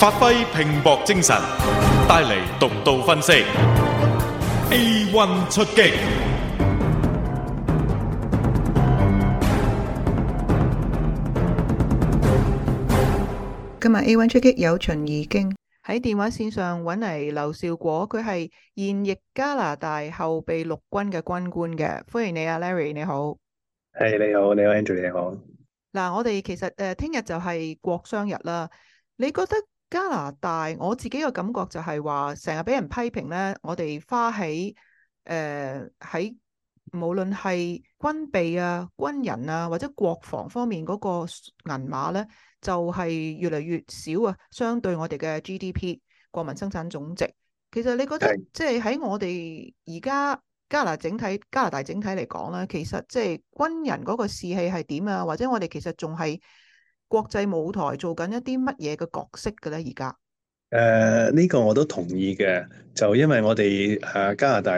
發揮拼搏精神，帶嚟獨到分析。A one 出擊，今日 A one 出擊有秦怡經喺電話線上揾嚟。劉少果，佢係現役加拿大後備陸軍嘅軍官嘅。歡迎你啊，Larry，你好。係、hey, 你好，你好，Andrew，你好。嗱，我哋其實誒，聽、呃、日就係國殤日啦。你覺得？加拿大我自己嘅感覺就係話，成日俾人批評咧，我哋花喺誒喺無論係軍備啊、軍人啊或者國防方面嗰個銀碼咧，就係、是、越嚟越少啊。相對我哋嘅 GDP 國民生產總值，其實你覺得即係喺我哋而家加拿大整體加拿大整體嚟講咧，其實即係軍人嗰個士氣係點啊？或者我哋其實仲係國際舞台做緊一啲乜嘢嘅角色嘅咧？而家誒呢個我都同意嘅，就因為我哋誒加拿大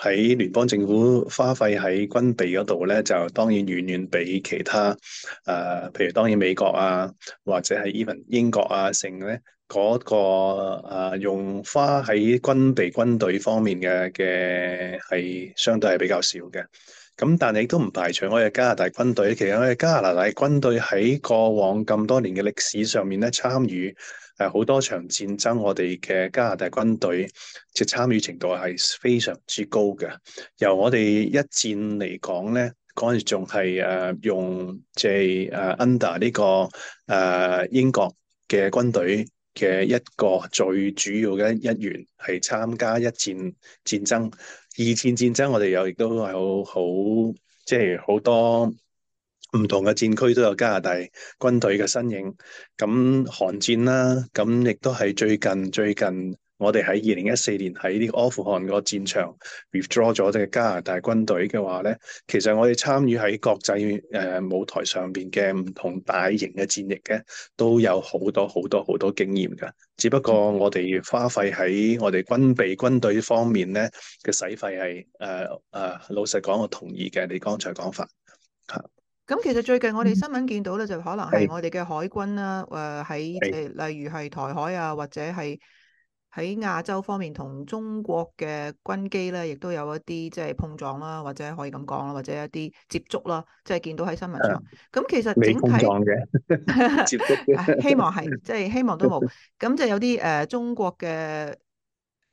喺聯邦政府花費喺軍備嗰度咧，就當然遠遠比其他誒、呃，譬如當然美國啊，或者係 even 英國啊成咧嗰個用花喺軍備軍隊方面嘅嘅係相對係比較少嘅。咁但係都唔排除我哋加拿大軍隊，其實我哋加拿大軍隊喺過往咁多年嘅歷史上面咧，參與係好多場戰爭，我哋嘅加拿大軍隊嘅參與程度係非常之高嘅。由我哋一戰嚟講咧，嗰陣仲係誒用即係誒 under 呢個誒英國嘅軍隊嘅一個最主要嘅一員係參加一戰戰爭。二戰戰爭我哋有，亦都係好好，即係好多唔同嘅戰區都有加拿大軍隊嘅身影。咁韓戰啦，咁亦都係最近最近。最近我哋喺二零一四年喺呢個阿富汗個戰場 withdraw 咗嘅加拿大軍隊嘅話咧，其實我哋參與喺國際誒舞台上邊嘅唔同大型嘅戰役咧，都有好多好多好多經驗噶。只不過我哋花費喺我哋軍備軍隊方面咧嘅使費係誒誒，老實講我同意嘅你剛才講法嚇。咁其實最近我哋新聞見到咧，就可能係我哋嘅海軍啦，誒喺是、呃、例如係台海啊，或者係。喺亞洲方面，同中國嘅軍機咧，亦都有一啲即係碰撞啦，或者可以咁講啦，或者一啲接觸啦，即、就、係、是、見到喺新聞上。咁其實整體 嘅希望係即係希望都冇，咁 就有啲誒、呃、中國嘅誒、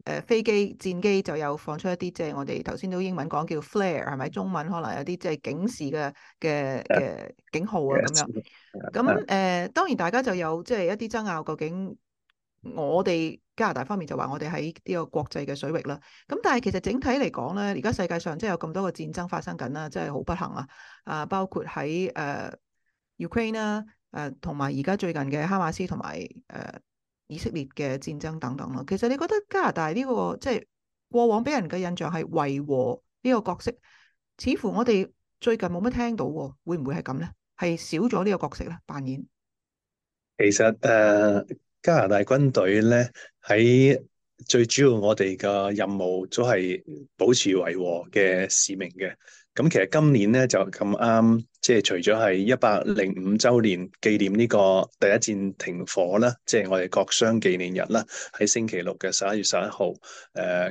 呃、飛機戰機就有放出一啲即係我哋頭先都英文講叫 flare 係咪？中文可能有啲即係警示嘅嘅嘅警號啊咁 Yes. 樣。咁誒、呃，當然大家就有即係、就是、一啲爭拗，究竟。我哋加拿大方面就話我哋喺呢個國際嘅水域啦。咁但係其實整體嚟講咧，而家世界上即係有咁多個戰爭發生緊啦，真係好不幸啊！啊，包括喺誒、呃、Ukraine 啦、呃，誒同埋而家最近嘅哈馬斯同埋誒以色列嘅戰爭等等啦。其實你覺得加拿大呢、這個即係過往俾人嘅印象係維和呢個角色，似乎我哋最近冇乜聽到喎，會唔會係咁咧？係少咗呢個角色咧扮演？其實誒。Uh 加拿大軍隊咧喺最主要我哋嘅任務都係保持維和嘅使命嘅。咁其實今年咧就咁啱，即係除咗係一百零五週年紀念呢個第一戰停火啦，即係我哋國殤紀念日啦，喺星期六嘅十一月十一號，誒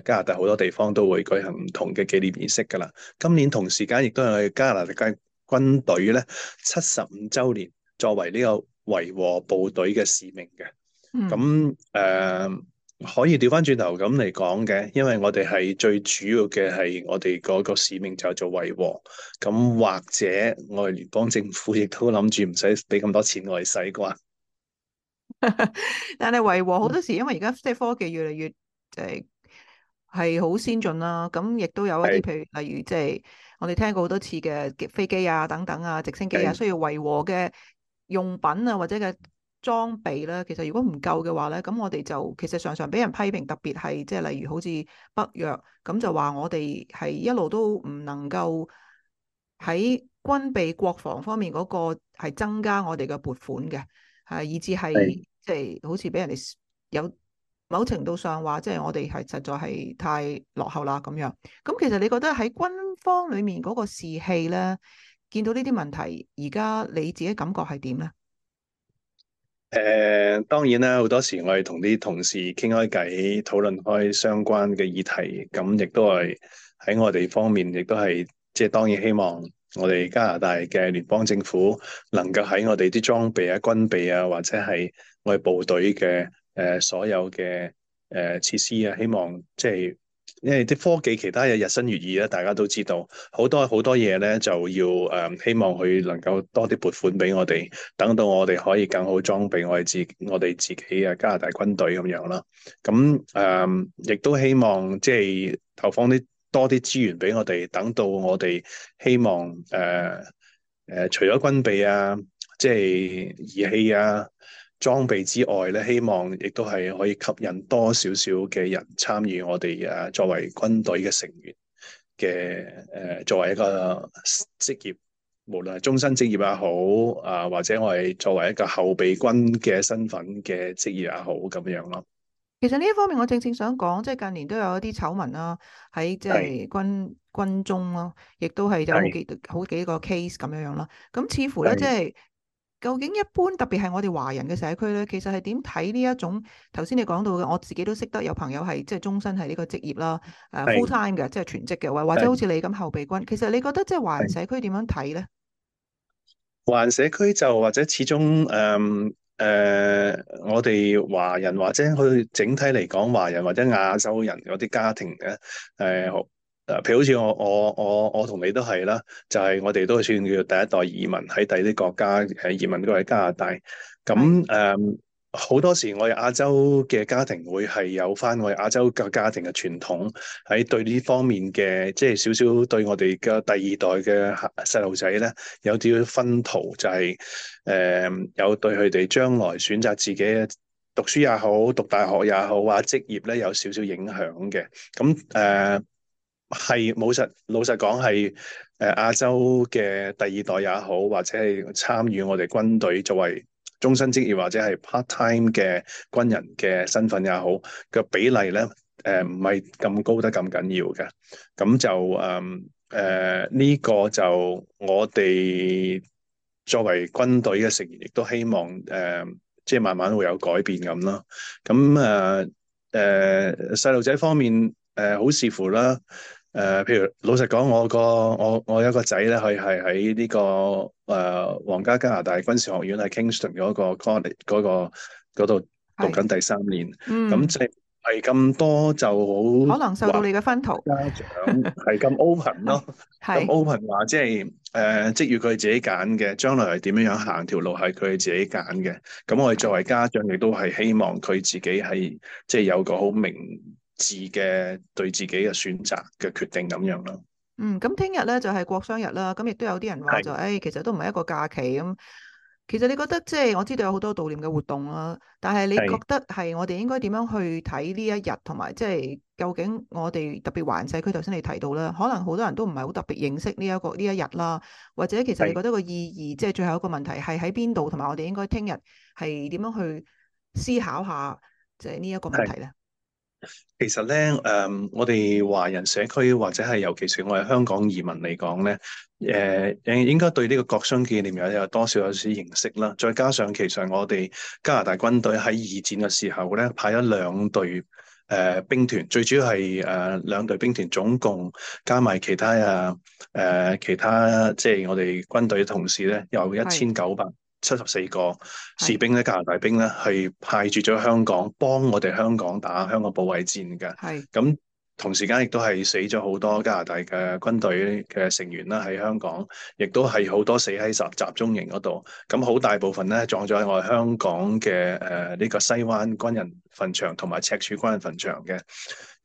加拿大好多地方都會舉行唔同嘅紀念儀式㗎啦。今年同時間亦都係加拿大嘅軍隊咧七十五週年，作為呢個維和部隊嘅使命嘅。咁誒、嗯呃、可以調翻轉頭咁嚟講嘅，因為我哋係最主要嘅係我哋嗰個使命就係做維和。咁或者我哋聯邦政府亦都諗住唔使俾咁多錢我哋使啩？ 但係維和好多時，嗯、因為而家即係科技越嚟越誒係好先進啦、啊。咁亦都有一啲譬如例如，即係我哋聽過好多次嘅飛機啊、等等啊、直升機啊，的需要維和嘅用品啊或者嘅。裝備啦，其實如果唔夠嘅話咧，咁我哋就其實常常俾人批評，特別係即係例如好似北約咁就話我哋係一路都唔能夠喺軍備國防方面嗰個係增加我哋嘅撥款嘅，係以至係即係好似俾人哋有某程度上話，即係我哋係實在係太落後啦咁樣。咁其實你覺得喺軍方裡面嗰個士氣咧，見到呢啲問題，而家你自己感覺係點咧？誒、uh, 當然啦，好多時我哋同啲同事傾開偈，討論開相關嘅議題，咁亦都係喺我哋方面，亦都係即係當然希望我哋加拿大嘅聯邦政府能夠喺我哋啲裝備啊、軍備啊，或者係我哋部隊嘅誒、呃、所有嘅誒、呃、設施啊，希望即係，即係因為啲科技其他嘢日新月異啦，大家都知道好多好多嘢咧，就要誒、呃、希望佢能夠多啲撥款俾我哋，等到我哋可以更好裝備我哋自我哋自己嘅加拿大軍隊咁樣啦。咁誒、呃，亦都希望即係投放啲多啲資源俾我哋，等到我哋希望誒誒、呃呃，除咗軍備啊，即係儀器啊。裝備之外咧，希望亦都係可以吸引多少少嘅人參與我哋啊，作為軍隊嘅成員嘅誒、呃，作為一個職業，無論係終身職業也好啊，或者我係作為一個後備軍嘅身份嘅職業也好，咁樣咯。其實呢一方面，我正正想講，即、就、係、是、近年都有一啲醜聞啦、啊，喺即係軍的軍中咯、啊，亦都係有好幾的好幾個 case 咁樣樣、啊、咯。咁似乎咧，即係的。究竟一般特別係我哋華人嘅社區咧，其實係點睇呢一種，頭先你講到嘅，我自己都識得有朋友係即係終身係呢個職業啦，誒是、uh, full time 嘅，即、就、係、是、全職嘅，或或者好似你咁後備軍。是其實你覺得即係華人社區點樣睇咧？華人社區就或者始終誒誒、嗯呃，我哋華人或者去整體嚟講華人或者亞洲人嗰啲家庭咧，誒、嗯。誒，譬如好似我我我我同你都係啦，就係、是、我哋都算叫做第一代移民，喺第啲國家誒移民都係加拿大，咁誒好多時我哋亞洲嘅家庭會係有翻我哋亞洲嘅家庭嘅傳統喺對呢方面嘅，即係少少對我哋嘅第二代嘅細路仔咧有啲分途、就是，就係誒有對佢哋將來選擇自己讀書也好、讀大學也好啊，職業咧有少少影響嘅，咁誒。嗯係冇實，老實講係誒亞洲嘅第二代也好，或者係參與我哋軍隊作為終身職業或者係 part time 嘅軍人嘅身份也好，個比例咧誒唔係咁高得咁緊要嘅，咁就誒誒呢個就我哋作為軍隊嘅成員，亦都希望誒、呃、即係慢慢會有改變咁咯。咁誒誒細路仔方面誒、呃、好視乎啦。誒、呃，譬如老實講，我個我我有個仔咧，佢係喺呢個誒皇、呃、家加拿大軍事學院係 Kingston 嗰、那個 college 嗰度讀緊第三年，咁即係咁多就好，可能受到你嘅薰陶。家長係咁 open 咯、啊，咁、 so、open 話即係誒，即係要佢、呃、自己揀嘅，將來係點樣樣行條路係佢自己揀嘅。咁我哋作為家長亦都係希望佢自己係即係有個好明自嘅對自己嘅選擇嘅決定咁樣咯。嗯，咁聽、就是、日咧就係國殤日啦，咁亦都有啲人話就，誒是、哎，其實都唔係一個假期咁。其實你覺得即係我知道有好多悼念嘅活動啦，但係你覺得係我哋應該點樣去睇呢一日，同埋即係究竟我哋特別環世區頭先你提到啦，可能好多人都唔係好特別認識呢、這、一個呢一日啦，或者其實你覺得個意義，是即係最後一個問題係喺邊度，同埋我哋應該聽日係點樣去思考下即係呢一個問題咧？其實咧，誒、嗯，我哋華人社區或者係尤其是我哋香港移民嚟講咧，誒、呃、誒，應該對呢個國殤紀念日有多少有啲認識啦。再加上其實我哋加拿大軍隊喺二戰嘅時候咧，派咗兩隊誒兵團，最主要係誒兩隊兵團總共加埋其他啊誒、呃、其他即係我哋軍隊同事咧，有一千九百。七十四個士兵咧，的加拿大兵咧，係派住咗香港，幫我哋香港打香港保衛戰嘅。係咁的，同時間亦都係死咗好多加拿大嘅軍隊嘅成員啦，喺香港，亦都係好多死喺集集中營嗰度。咁好大部分咧葬咗喺我哋香港嘅誒呢個西灣軍人墳場同埋赤柱軍人墳場嘅。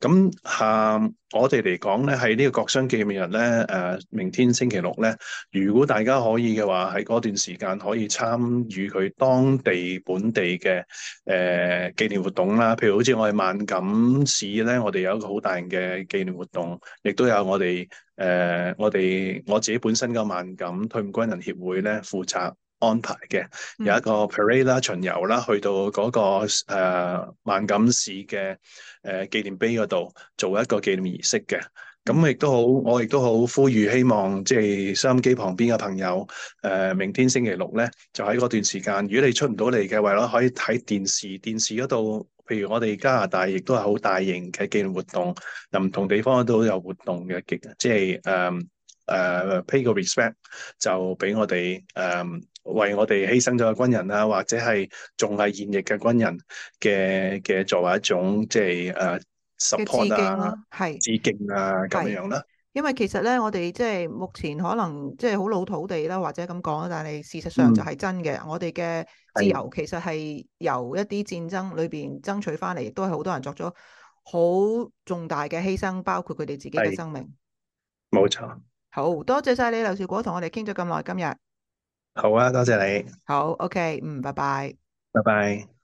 咁啊，我哋嚟講咧，喺呢、這個國殤紀念日咧，誒、呃，明天星期六咧，如果大家可以嘅話，喺嗰段時間可以參與佢當地本地嘅誒、呃、紀念活動啦。譬如好似我哋萬錦市咧，我哋有一個好大型嘅紀念活動，亦都有我哋誒、呃，我哋我自己本身個萬錦退伍軍人協會咧負責，安排嘅有一個 parade 啦，巡遊啦，去到嗰、那個誒、呃、萬錦市嘅誒、呃、紀念碑嗰度做一個紀念儀式嘅。咁亦都好，我亦都好呼籲希望即係收音機旁邊嘅朋友誒、呃，明天星期六咧就喺嗰段時間，如果你出唔到嚟嘅話咧，可以睇電視，電視嗰度譬如我哋加拿大亦都係好大型嘅紀念活動，又唔同地方都有活動嘅，即係誒誒 pay 個 respect 就俾我哋誒。呃為我哋犧牲咗嘅軍人啦，或者係仲係現役嘅軍人嘅嘅，作為一種即係誒、呃、s u p 係致敬啊，咁樣啦。因為其實咧，我哋即係目前可能即係好老土地啦，或者咁講但係事實上就係真嘅。嗯、我哋嘅自由其實係由一啲戰爭裏邊爭取翻嚟，亦都係好多人作咗好重大嘅犧牲，包括佢哋自己嘅生命。冇錯，好多謝晒你，劉少果同我哋傾咗咁耐今日。好啊，多謝你。好，okay，嗯，拜拜。拜拜。